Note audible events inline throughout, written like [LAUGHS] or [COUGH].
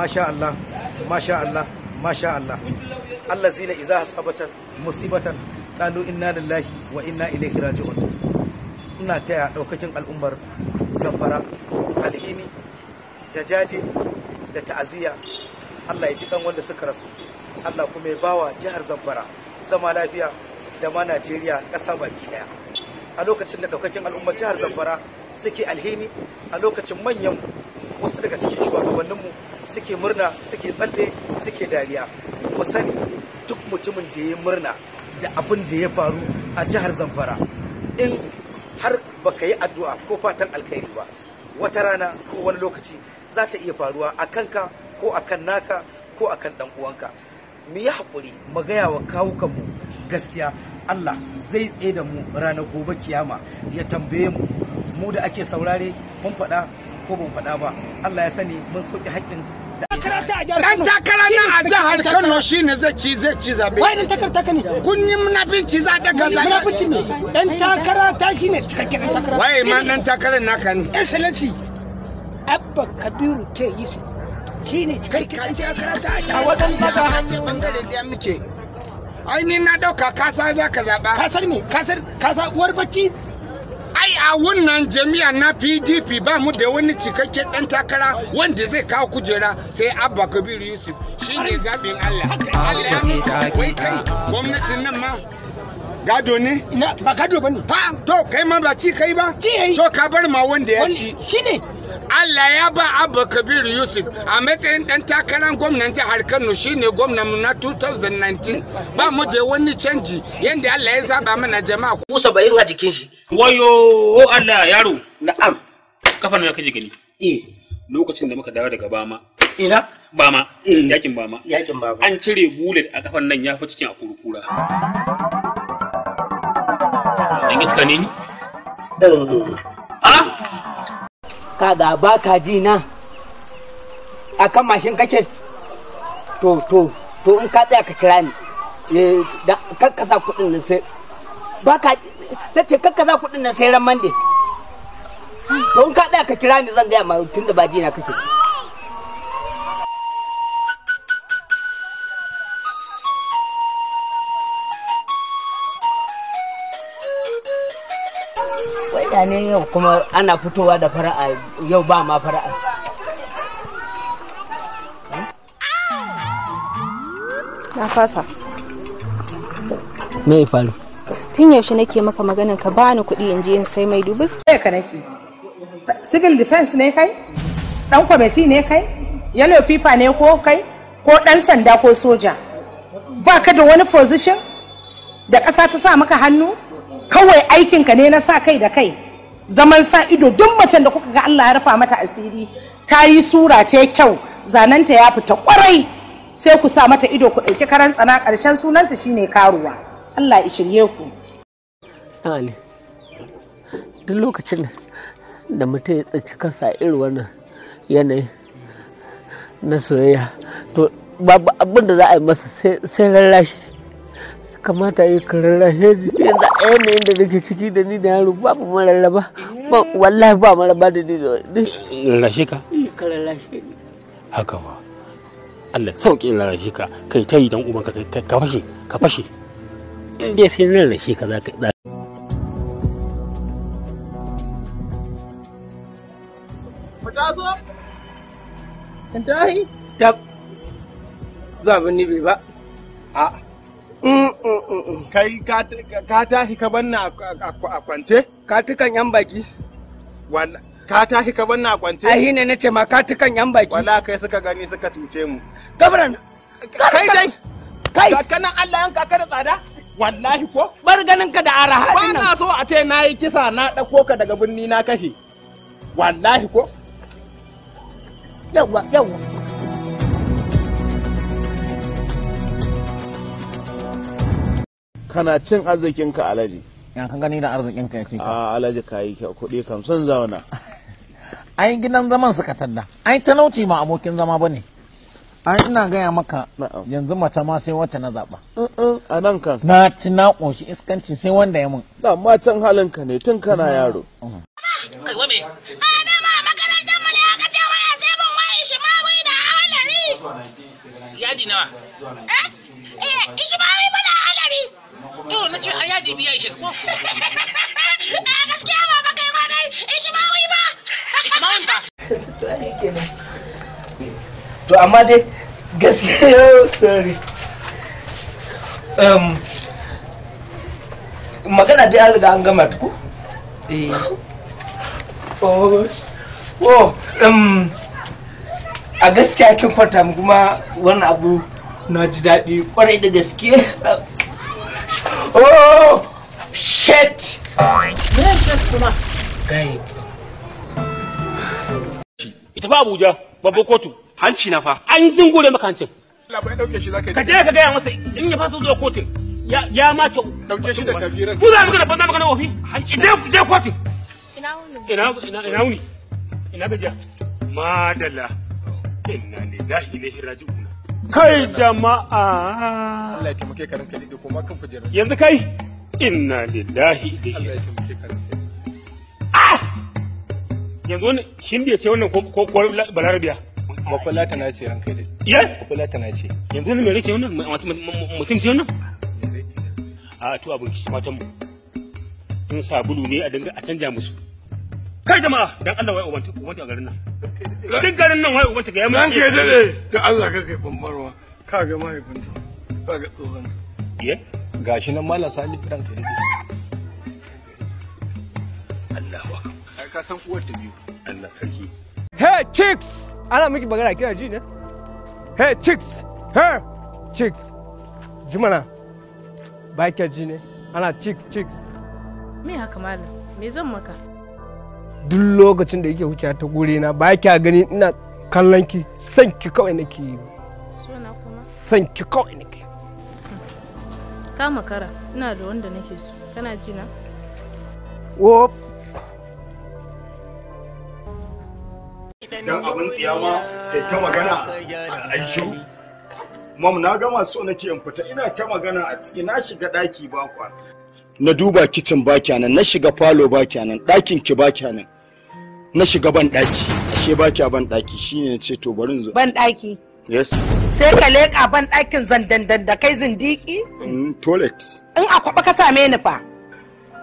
masha Allah masha Allah masha Allah Allah zina iza hasabatan musibatan kalu inna lillahi wa inna ilaihi raji'un ina taya daukakin al'ummar zamfara alhini da jaje da ta'aziyya Allah ya ji kan wanda suka rasu Allah kuma ya bawa jihar zamfara zama lafiya da ma Najeriya kasa baki daya a lokacin da daukakin al'ummar jihar zamfara suke alhimi, a lokacin manyan wasu daga cikin shugabanninmu suke murna suke tsalle suke dariya ku duk mutumin da ya murna da abin da ya faru a jihar zamfara in har baka yi addu'a ko fatan alkhairi ba wata rana ko wani lokaci za ta iya faruwa a kanka ko a kan naka ko a kan uwanka mu yi haƙuri mu gaya wa kawukanmu gaskiya allah zai tsaye da mu ranar gobe kiyama ya tambaye mu mu da ake saurare mun faɗa ko ban faɗa ba Allah ya sani mun sauke haƙƙin Dan takara na a jihar Kano shi ne zai ci zai ci zabe. Wai dan takara ta ne. Kun yi munafici za da ka zabe. Munafici ne. Dan takara ta shi ne cikakken dan takara. Wai ma dan takara na ne. Excellency Abba Kabiru ke yi su. Shi ne cikakken takara ta a wajen na hanci bangare da muke. Ai ni na dauka kasa za ka zaba. Kasar me? Kasar kasa uwar bacci a wannan jami'a na pdp ba mu da wani cikakken dan takara wanda zai kawo kujera sai abba kabiru yusuf shi ne zaɓin allah gwamnatin nan ma gado ne ba gado ba ne to kai ma ba ci kai ba to ka bar ma wanda ya ci ne Allah ya ba Abba Kabir Yusuf a matsayin dan takarar gwamnan jihar Kano shine gwamnan na 2019 ba mu da wani canji yanda Allah ya zaba mana jama'a ku 70 a jikin shi wayo Allah yaro na'am kafan ya kaje gani eh lokacin da muka dawo daga Bama ina Bama eh. yakin Bama yakin Bama an cire bullet a kafan nan ya fi cikin a kurkura dan iska ne ni eh. ah ka da ba ka ji na a kan mashin kake to to to in ka tsaya ka kira ni eh, kakasa kudin nan sai ba ka ta ce kakasa kudin nan sai ran mande to in ka tsaya ka kira ni zan gaya ma tun da ba ji na kake mutane yau kuma ana fitowa da fara'a yau ba ma fara'a na fasa me faru tun yaushe nake maka maganin ka bani kuɗi in je in sai mai dubu sai ka nake civil defense ne kai dan kwamiti ne kai yellow fifa ne ko kai ko dan sanda ko soja ba ka da wani position da ƙasa ta sa maka hannu kawai aikinka ne na sa kai da kai zaman sa ido duk macen da kuka ga Allah ya rufa mata asiri ta yi sura ta kyau zananta ya fita kwarai sai ku sa mata ido ku ɗauki karan tsana ƙarshen sunanta shine karuwa Allah ya shirye ku Ali duk lokacin da mutum ya tsaci kasa irin wannan yanayi na soyayya to babu abin da za a yi masa sai rarrashi kamata yi kararrahe yanzu a yanayin da nake ciki da ni da yaro babu mararraba wallahi ba mararraba da ni da wani rarrashe ka? kararrashe haka ba Allah sauƙi rarrashe ka kai ta yi don uban ka ka fashe ka fashe in dai sai rarrashe ka za ka Tahi? Tab. Zabin ni bai ba. A'a. Kai ka tashi ka banna a kwance? Katukan yan baki. Ka tashi ka banna a kwance? ahi ne na ce ma katukan yan baki. Wala kai suka gani suka tuce mu. Gabaran! Kai dai! Kai! Kanan Allah yanka kada tsada? Wallahi ko? Bar ganin ka da araha nan. Ba na so a ce na yi kisa na ɗauko ka daga birni na kashe. Wallahi ko? Yawwa yawwa. kana cin arzikin ka alaji yan kan gani da arzikin ka yace a alaji kai kyau kuɗi kam sun zauna [LAUGHS] ai gidan zaman suka tadda ai talauci ma abokin zama bane Ai ina gaya maka yanzu mace ma sai wacce na zaɓa. a nan kan na ci na ƙoshi iskanci sai wanda ya mun da ma can halin ka ne tun kana mm-hmm. yaro mm-hmm. makarantar mu ne aka waya sai yadi nawa eh eh shi wai bana to na a [LAUGHS] a gaskiya ba kai ma dai ishi ba [LAUGHS] to ai kenan dai gaskiya oh, sorry um magana dai an riga an gama duku. eh oh oh um a gaskiya kin kwanta kuma wannan abu na ji daɗi kwarai da gaske Oh! Shit! Ita ba Abuja, babban kotu. Hanci na fa. An zingure maka hancin. Ka je ka gaya masa in ya fasa zuwa kotun. Ya ma ce. Dauke shi da tabiran. Mu za mu ga banza maka na ofi. Hanci. Je je kotun. Ina wuni. Ina ina ina wuni. Ina gajiya. Madalla. Inna lillahi wa inna ilaihi raji'un. kai jama'a yanzu kai inna lillahi Allah ya ah! yanzu wani hindi ce wannan ko balarabiya na ce yanzu wani mutum ce wannan a matan mu sabulu ne a dinga a canja musu kai jama'a dan Allah wai ubanta ubanta garin nan duk garin nan wai ubanta ga yamma ke dade da Allah ka kai bambarwa ka ga mahaifinta ka ga tsohon ye gashi nan mallam sani fidan ka dade Allahu akbar ka san uwar ta biyu Allah sarki hey chicks ana miki magana kina ji ne hey chicks hey chicks jumana ba ki ji ne ana chicks chicks me haka mallam me zan maka duk lokacin da yake wuce ta gure na ba kya gani ina kallon ki san ki kawai nake yi san ki kawai nake ka makara ina da wanda nake so kana ji na wo dan abin tsiyawa kai ta magana a aishu mam na gama so nake in fita ina ta magana a ciki na shiga daki ba kwa na duba kicin ba kyanan na shiga falo ba kyanan dakin ki ba kyanan na shiga ban daki ashe ba ki ban daki shine ce to bari zo ban daki yes sai ka leka ban dakin zandandan da kai zindiki in toilet in akwaba ka same ni fa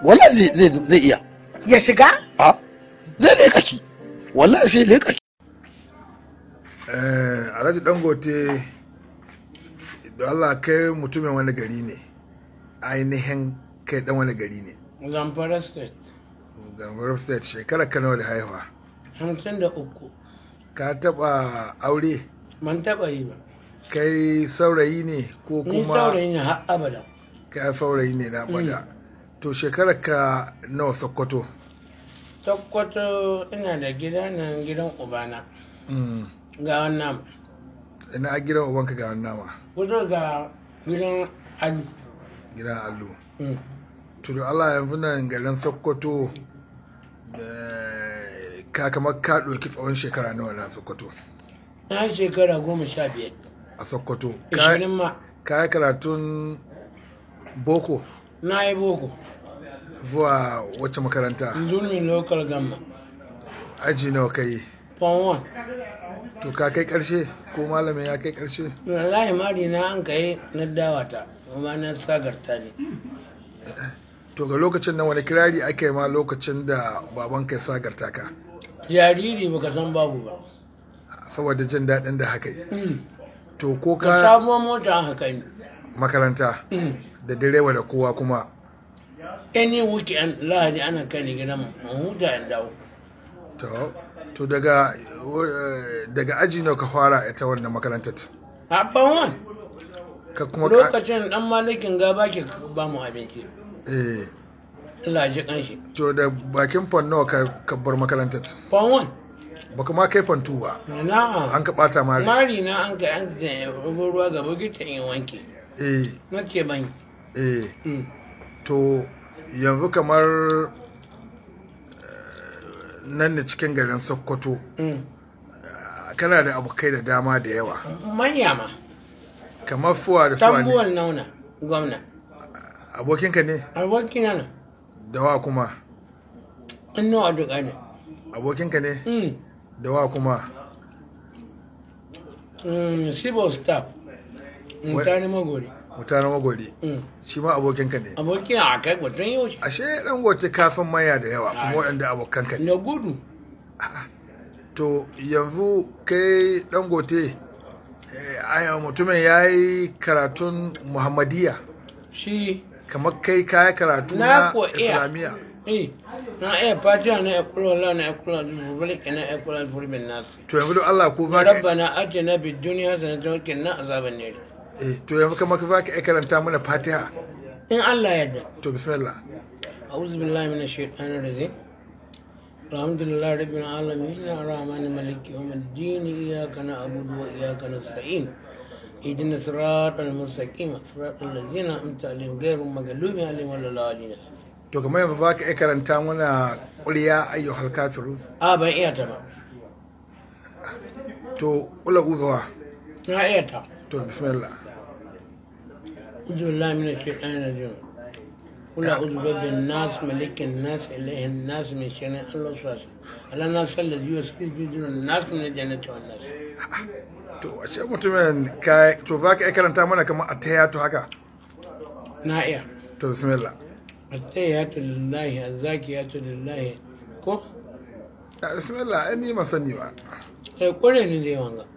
wallahi zai zai iya ya shiga a ah, zai leka ki wallahi sai leka ki eh alhaji dangote da Allah kai mutumin wani gari ne ainihin kai dan wani gari ne zamfara state Zamfara State shekarar ka nawa da haihuwa? 53 da uku. Ka taɓa aure? Man taɓa yi ba. Kai saurayi ne ko kuma? Ni saurayi ne har abada. Kai saurayi ne na abada. Mm. To shekarar ka nawa Sokoto? Sokoto ina da gida nan gidan ubana. Mm. Ga wannan. Ina gidan ubanka ga wannan ma? Kudu ga gidan Alu. Gidan allo. Mm. to da Allah yanzu nan garin Sokoto Eh, ka kamar ka ɗauki tsawon shekara nawa na sokoto na shekara goma sha biyar a sokoto ka yi karatun boko na yi boko zuwa wacce makaranta zulmin local gamma aji nawa ka yi form to ka kai karshe ko malamin ya kai karshe wallahi mari na an kai na dawata kuma na sagarta ne [LAUGHS] to ga lokacin nan wani kirari ake ma lokacin da baban kai sagarta ka jariri baka san babu ba saboda jin daɗin da haka yi mm. to ko ka samu mota haka ne makaranta mm. da direba da kowa kuma any an lahadi ana kani gina mahuta yan dawo to to daga daga aji nawa ka fara ita wannan makarantar a ban ka kuma lokacin dan malikin gaba ke ba mu abinci eh Allah ji kan shi to da bakin fan nawa ka kabbar makarantar fan 1 baka ma kai fan 2 ba na'am an ka bata mari mari na an ka an ka ruwa ga bugita in wanke eh nake ban eh hmm. to yanzu kamar eh, nan ne cikin garin sokoto hmm. kana da abokai da dama da yawa manya ma kamar fuwa da fuwa ne tambuwan nauna gwamna abokinka ne abokina ne da wa kuma annu a duka ne abokinka ne hmm. da wa kuma hmm, civil staff mutane magori mutane magori hmm. shi ma abokinka ne abokin a kai gwatan yau ashe dan gote kafin maya da yawa kuma waɗanda abokanka ne na gudu to yanzu kai dan gote eh, mutumin ya yi karatun muhammadiya shi kamar kai kaya karatu na islamiyya eh, na iya fatiha na ikula la na ikula republic na ikula na nasu to yanzu Allah ko ba ka na atina bid dunya hasanatan wa qina azaban nar eh to yanzu kamar ka ba ka karanta mana fatiha in Allah ya da to bismillah a'udhu billahi minash shaitanir rajim الحمد لله رب العالمين الرحمن مالك يوم الدين إياك نعبد وإياك sa'in. اهدنا صراط المستقيم صراط الذين انعمت عليهم غير المغلوب عليهم ولا الضالين to kamar yanzu za ka iya karanta mana ƙulya ayyu halkafiru a ah, ban iya ta ba to ƙula uzawa na iya ta to bismillah uzubillah mina ce ɗan rajin ƙula uzubabin nas malikin nas ilahin nas mai shirin allah su wasu ala nas sallar yiwu su kirgin nas na [LAUGHS] to a ce mutumin ka to ba ka karanta mana kamar yato haka na iya to bismillah yato lillahi yato lillahi ko ah, bismillah ai ni masani ba kai eh, kore ne zai wanga